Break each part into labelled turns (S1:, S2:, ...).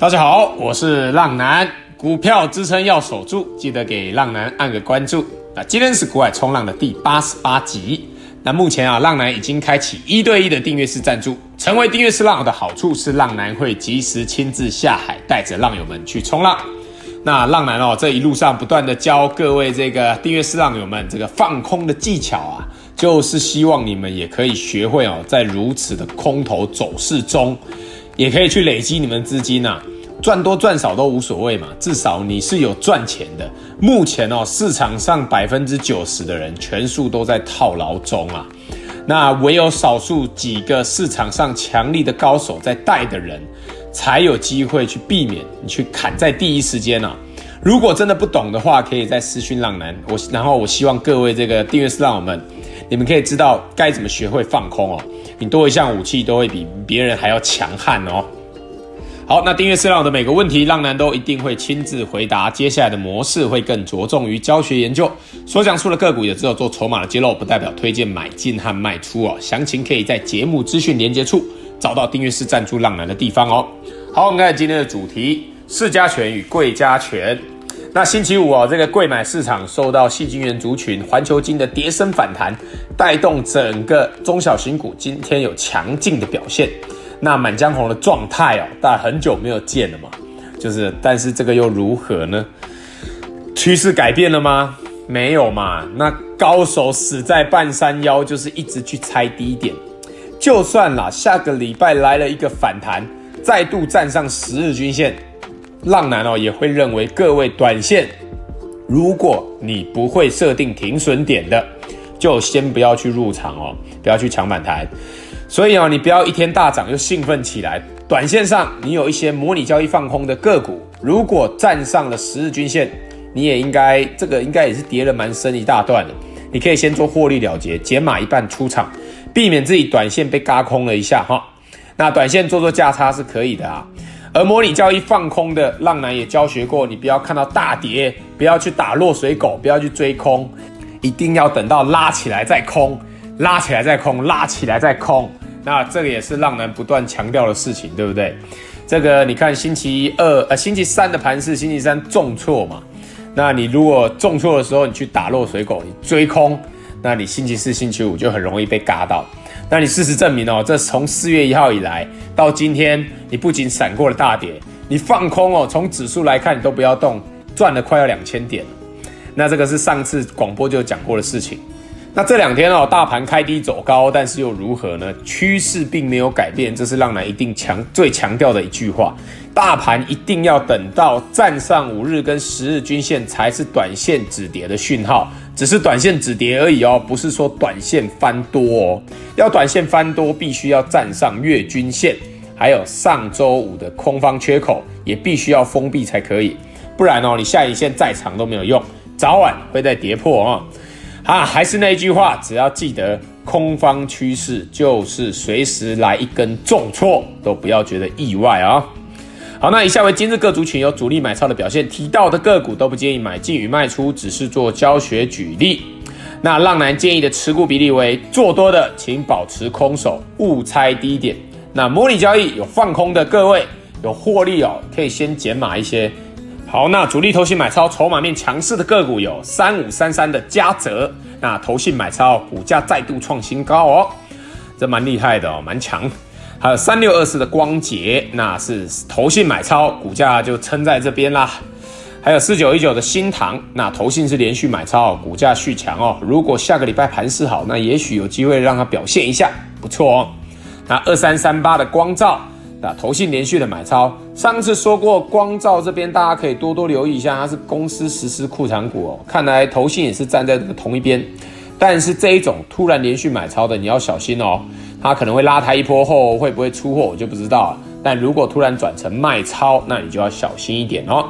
S1: 大家好，我是浪男，股票支撐要守住，記得給浪男按個關注。那今天是股海衝浪的第八十八集。那目前啊，浪男已經開啟一對一的訂閱式贊助。成為訂閱式浪友的好處是，浪男會及時親自下海，帶着浪友們去衝浪。那浪男哦，這一路上不斷地教各位這個訂閱式浪友們這個放空的技巧啊，就是希望你們也可以學會哦，在如此的空頭走勢中，也可以去累積你們資金吶、啊。賺多賺少都無所謂嘛，至少你是有賺錢的。目前哦，市場上百分之九十的人全數都在套牢中啊，那唯有少數幾個市場上強力的高手在帶的人，才有機會去避免你去砍在第一時間啊。如果真的不懂的話，可以再私訊浪男我，然後我希望各位這個訂閱式浪友們，你們可以知道該怎麼學會放空哦。你多一項武器，都會比別人還要強悍哦。好，那訂閱式浪友的每個問題，浪男都一定會親自回答。接下來的模式會更着重於教學研究，所講述的個股也只有做籌碼的揭露，不代表推薦買進和賣出哦。詳情可以在節目資訊連結處找到訂閱式贊助浪男的地方哦。好，我們看看今天的主題：市加權與櫃加權。那星期五哦，這個櫃買市場受到矽晶圓族群環球晶的跌深反彈，帶動整個中小型股今天有強勁的表現。那滿江紅的狀態哦，大家很久沒有見了嘛，就是，但是這個又如何呢？趨勢改變了嗎？沒有嘛。那高手死在半山腰，就是一直去猜低點，就算啦，下個禮拜來了一個反彈，再度站上十日均線，浪男哦也會認為各位短線，如果你不會設定停損點的，就先不要去入場哦，不要去搶反彈。所以啊，你不要一天大漲又興奮起來。短線上你有一些模擬交易放空的個股，如果站上了十日均線，你也應該這個應該也是跌了蠻深一大段的，你可以先做獲利了結，減碼一半出場，避免自己短線被嘎空了一下哈。那短線做做價差是可以的啊。而模擬交易放空的浪男也教學過，你不要看到大跌，不要去打落水狗，不要去追空，一定要等到拉起來再空，拉起來再空，拉起來再空。那這個也是浪男不斷強調的事情，對不對？這個你看星期二、呃星期三的盤是星期三重挫嘛？那你如果重挫的時候，你去打落水狗，你追空，那你星期四、星期五就很容易被嘎到。那你事實證明哦，這從四月一號以來到今天，你不僅閃過了大跌，你放空哦，從指數來看你都不要動，賺了快要兩千點。那這個是上次廣播就講過的事情。那這兩天哦，大盤開低走高，但是又如何呢？趨勢並沒有改變，這是浪男一定強最強調的一句話。大盤一定要等到站上五日跟十日均線，才是短線止跌的訊號，只是短線止跌而已哦，不是說短線翻多哦。要短線翻多，必須要站上月均線，還有上周五的空方缺口也必須要封閉才可以，不然哦，你下影線再長都沒有用，早晚會再跌破啊、哦。啊，還是那一句話，只要記得，空方趨勢，就是隨時來一根重挫，都不要覺得意外啊、哦。好，那以下為今日各族群有主力買超的表現，提到的個股都不建議買進與賣出，只是做教學舉例。那浪男建議的持股比例為：做多的請保持空手，勿猜低點。那模擬交易有放空的各位，有獲利哦，可以先減碼一些。好，那主力投信買超，籌碼面強勢的個股有三五三三的嘉澤，那投信買超，股價再度創新高哦，這蠻厲害的哦，蠻強。還有三六二四的光頡，那是投信買超，股價就撐在這邊啦。還有四九一九的新唐，那投信是連續買超，股價續強哦。如果下個禮拜盤勢好，那也許有機會讓它表現一下，不錯哦。那二三三八的光罩，那投信連續的買超。上次說過，光罩這邊大家可以多多留意一下，它是公司實施庫藏股哦。看來投信也是站在這個同一邊，但是這一種突然連續買超的你要小心哦，它可能會拉抬一波後會不會出貨我就不知道了。但如果突然轉成賣超，那你就要小心一點哦。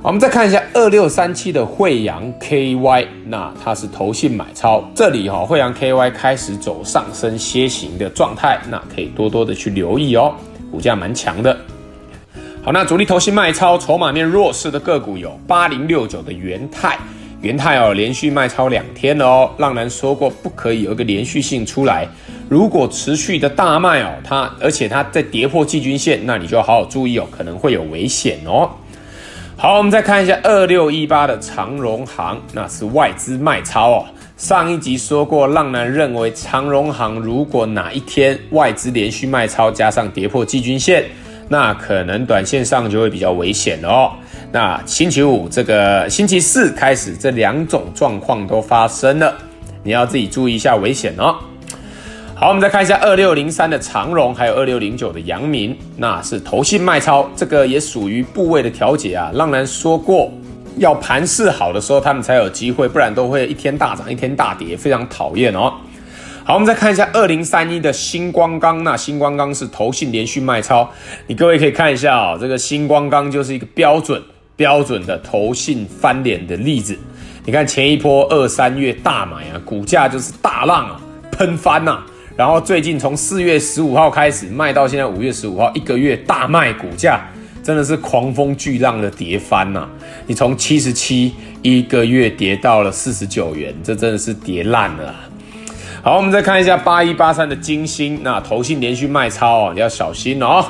S1: 我們再看一下二六三七的慧洋 KY，那它是投信買超，這裡哈、哦、慧洋 KY 開始走上升楔形的狀態，那可以多多的去留意哦，股價蠻強的。好，那主力投信賣超籌碼面弱勢的個股有八零六九的元太，元太哦，連續賣超兩天了哦。浪男說過，不可以有一個連續性出來，如果持續的大賣哦，它而且它在跌破季均線，那你就要好好注意哦，可能會有危險哦。好，我們再看一下二六一八的長榮航，那是外資賣超哦。上一集說過，浪男認為長榮航如果哪一天外資連續賣超，加上跌破季均線。那可能短線上就會比較危險哦。那星期五這個星期四開始，這兩種狀況都發生了，你要自己注意一下危險哦。好，我們再看一下二六零三的長榮，還有二六零九的陽明，那是投信賣超，這個也屬於部位的調節啊。浪男說過，要盤勢好的時候他們才有機會，不然都會一天大漲一天大跌，非常討厭哦。好，我們再看一下二零三一的新光鋼。那新光鋼是投信連續賣超，你各位可以看一下哦。這個新光鋼就是一個標準、標準的投信翻臉的例子。你看前一波二三月大買啊，股價就是大浪啊噴翻吶、啊。然後最近從四月十五號開始賣到現在五月十五號一個月大賣股價，股價真的是狂風巨浪的跌翻吶、啊。你從七十七一個月跌到了四十九元，這真的是跌爛了、啊。好，我們再看一下八一八三的精星，那投信連續賣超哦，你要小心哦。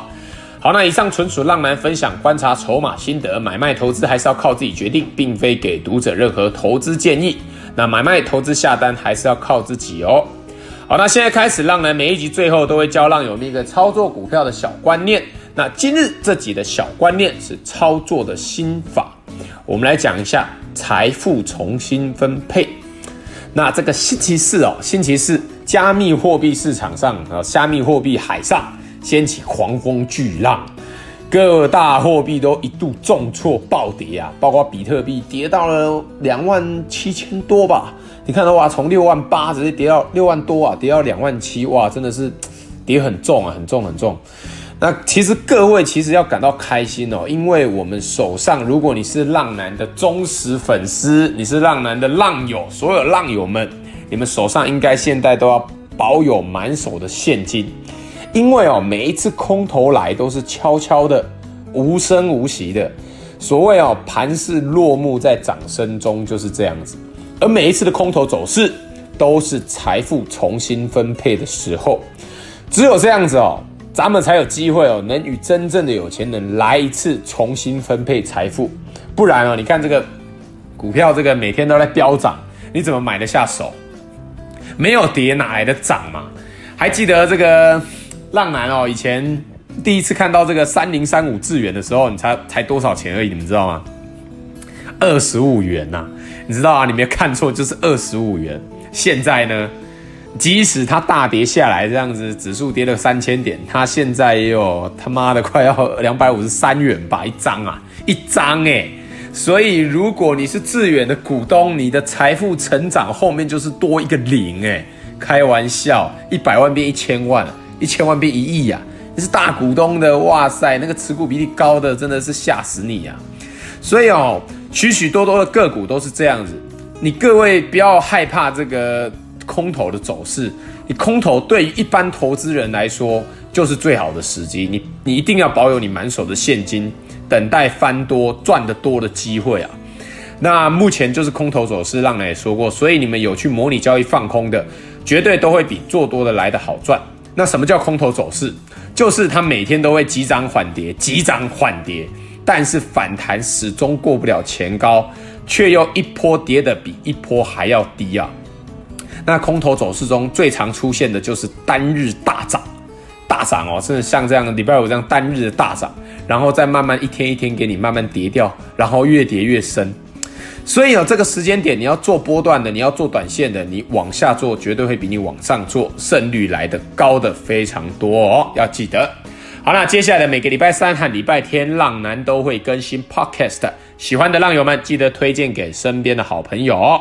S1: 好，那以上純屬浪男分享觀察籌碼心得，買賣投資還是要靠自己決定，並非給讀者任何投資建議。那買賣投資下單還是要靠自己哦。好，那現在開始，浪男每一集最後都會教浪友們一個操作股票的小觀念。那今日這集的小觀念是操作的心法，我們來講一下財富重新分配。那這個星期四哦，星期四加密貨幣市場上啊，加密貨幣海上掀起狂風巨浪，各大貨幣都一度重挫暴跌啊，包括比特幣跌到了兩萬七千多吧？你看到哇，從六萬八直接跌到六萬多啊，跌到兩萬七，哇，真的是跌很重啊，很重很重。那其實各位其實要感到開心哦，因為我們手上，如果你是浪男的忠實粉絲，你是浪男的浪友，所有浪友們，你們手上應該現在都要保有滿手的現金，因為哦，每一次空頭來都是悄悄的、無聲無息的，所謂哦，盤勢落幕在掌聲中就是這樣子，而每一次的空頭走勢都是財富重新分配的時候，只有這樣子哦。咱們才有機會哦，能與真正的有錢人來一次重新分配財富。不然哦，你看這個股票，這個每天都在飆漲，你怎麼買得下手？沒有跌哪來的漲嘛？還記得這個浪男哦，以前第一次看到這個三零三五智原的時候，你才才多少錢而已，你們知道嗎？二十五元吶、啊，你知道啊？你沒有看錯，就是二十五元。現在呢？即使它大跌下來，這樣子指數跌了三千點，它現在也有他媽的快要兩百五十三元吧一張啊，一張誒、欸。所以如果你是致遠的股東，你的財富成長後面就是多一個零誒、欸。開玩笑，一百萬變一千萬，一千萬變一億呀，你是大股東的，哇塞，那個持股比例高的真的是嚇死你呀、啊，所以哦，許許多多的個股都是這樣子，你各位不要害怕這個。空頭的走勢，你空頭對於一般投資人來說就是最好的時機。你你一定要保有你滿手的現金，等待翻多賺得多的機會啊。那目前就是空頭走勢，浪男也說過，所以你們有去模擬交易放空的，絕對都會比做多的來得好賺。那什麼叫空頭走勢？就是它每天都會急漲緩跌，急漲緩跌，但是反彈始終過不了前高，卻又一波跌得比一波還要低啊。那空頭走勢中最常出現的就是單日大漲，大漲哦，甚至像這樣禮拜五這樣單日的大漲，然後再慢慢一天一天給你慢慢跌掉，然後越跌越深。所以有、哦、這個時間點你要做波段的，你要做短線的，你往下做絕對會比你往上做勝率來的高的非常多哦，要記得。好啦，接下來的每個禮拜三和禮拜天，浪男都會更新 podcast，喜歡的浪友們記得推薦給身邊的好朋友。